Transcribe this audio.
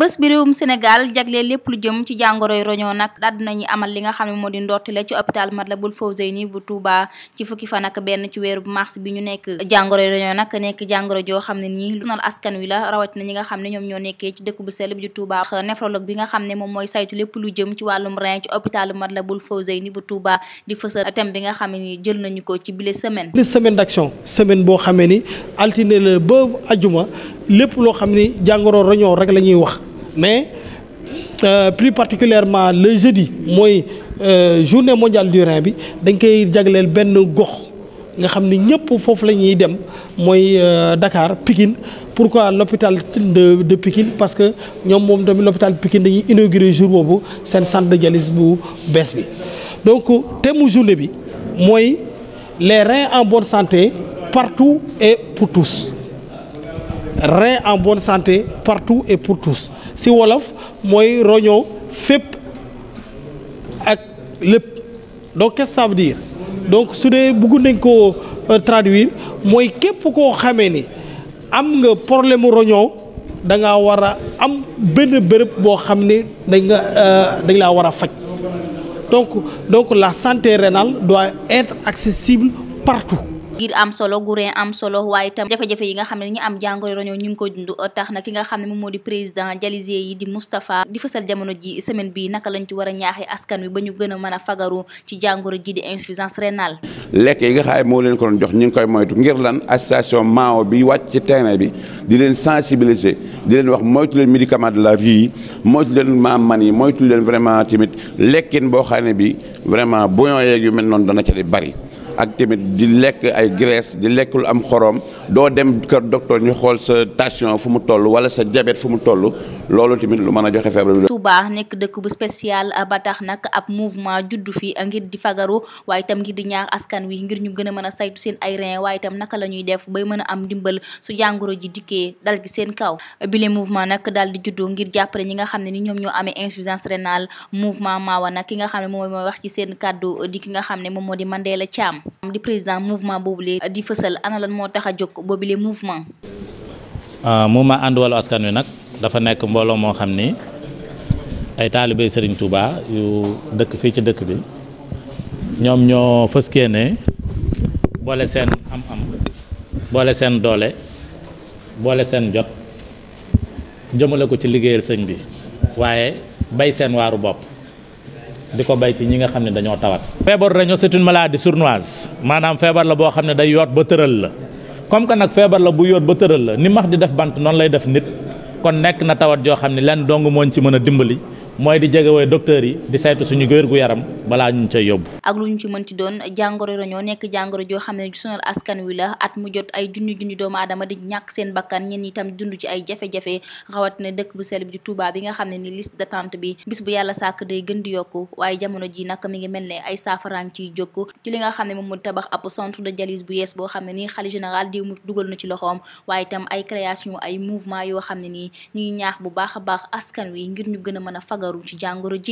bës bi réewum Sénégal jagleel lépp lu jëm ci jàngoroy roñoo nag daal nañu amal li nga xam ne moo di ndortele ci hôpital Matlaboul Fawzeyni bu Touba ci fukki fan ak benn ci weeru mars bi ñu nekk jàngoroy roñoo nag nekk jàngoro joo xam ne nii lu nal askan wi la rawat na ñi nga xam ne ñoom ñoo nekkee ci dëkk bu sell bi ju Touba néphrologue bi nga xam ne moom mooy saytu lépp lu jëm ci wàllum rein ci hôpital Matlaboul Fawzeyni bu Touba di fësal thème bi nga xam ne ni jël nañu ko ci bile semaine bile semaine d'action semaine boo xamee ni altine la ba ajuma lépp loo xam ni jàngoro roñoo rek la ñuy wax mais euh, plus particulièrement le jeudi mooy euh, journée mondiale du rein bi dañ koy jagleel benn gox nga xam ni ñëpp foofu la ñuy dem mooy euh, dakaar Pikine pourquoi l'hôpital de de Pikine parce que ñoom moom tamit l'hôpital pikin dañuy inauguré jour boobu seen centre de dialyse bu bees bi donc thème journée bi mooy les reins en bonne santé partout et pour tous rein en bonne santé partout et pour tous si wolof mooy roñoo fépp ak lépp donc qu'est-ce dire donc su dee bëgg nañ ko euh, traduire mooy képp koo xamee ni am nga problème mu roñoo da ngaa war a am benn béréb boo xam ne dañ nga euh, dañ laa war a faj donc donc la santé rénale doit être accessible partout. ngir am solo gurin am solo waaye tam jafe-jafe yi nga xam ne ñu am jàngoro roñoo ñu ngi ko dund tax na ki nga xam ne moom moo di président dialysé yi di Moustapha di fësal jamono ji semaine bi naka lañ ci war a ñaaxee askan wi ba ñu gën a mën a fagaru ci jàngoro ji di insuffisance rénale lekk yi nga xam ne moo leen ko doon jox ñu ngi koy moytu ngir lan association Mao bi wàcc ci terrain bi di leen sensibiliser di leen wax moytu leen médicament de la rue yi moytu leen maam man yi moytu leen vraiment tamit lekkin boo xam bi vraiment bouillon yeeg mel noonu dana ca di bari ak tamit di lekk ay graisse di lekk am xorom doo dem kër docteur ñu xool sa tension fu mu toll wala sa diabète fu mu toll loolu tamit lu mën a joxe bu bi. Touba nekk dëkk bu spécial ba tax nag ab mouvement juddu fii ngir di fagaru waaye itam ngir di ñaax askan wi ngir ñu gën a mën a saytu seen ay rein waaye itam naka la ñuy def bay mën a am ndimbal su jàngoro ji dikkee dal ci seen kaw bile mouvement nag daal di juddu ngir jàppale ñi nga xam ne ni ñoom ñoo amee insuffisance rénale mouvement Maawa nag ki nga xam ne moom mooy wax ci seen kàddu di ki nga xam ne moom moo di Mandela Thiam di président mouvement boobule di fësal ana lan moo tax a jóg boobule mouvement. Ah, mouvement ànd wàllu askan nag. dafa nekk mbooloo moo xam ni ay taalibe sëriñ Touba yu dëkk fii ci dëkk bi ñoom ñoo fëskee ne boole seen am-am boole seen doole boole seen jot jëmale ko ci liggéeyal sëñ bi waaye bay seen waaru bopp di ko bay ci ñi nga xam ne dañoo tawat. feebaru dañoo c'est une maladie sournoise maanaam feebar la boo xam ne day yoot ba tëral la comme que nag feebar la bu yoot ba tëral la ni max di def bant noonu lay def nit. kon nekk na tawat joo xam ne lenn dong mooñ ci mën a dimbali mooy di jegewee docteur yi di saytu suñu wér gu yaram balaa ñu cay yóbbu. ak lu ñu ci mënti doon jàngoro rañoo nekk jàngoro joo xam ne sonal askan wi la at mu jot ay junni junni doomu aadama di ñàkk seen bakkan ñenn itam dund ci ay jafe-jafe rawatina dëkk bu sell bi di Touba bi nga xam ne ni liste d'attente bi bis yàlla sàkk day gën di yokku waaye jamono ji nag mi ngi mel ne ay saafaraan ciy jokku ci li nga xam ne moom mu tabax ab centre de dialyse bu yees boo xam ne nii xali général di mu dugal na ci loxoom waaye itam ay création ay mouvement yoo xam ne nii ñu ngi ñaax bu baax a baax askan wi ngir ñu gën a mën a faga feebaru ci jàngoro ji